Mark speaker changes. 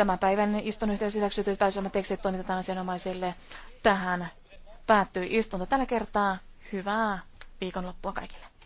Speaker 1: Tämän päivän istunnon yhteydessä hyväksytyt tekstit toimitetaan asianomaisille. Tähän päättyy istunto tällä kertaa. Hyvää viikonloppua kaikille.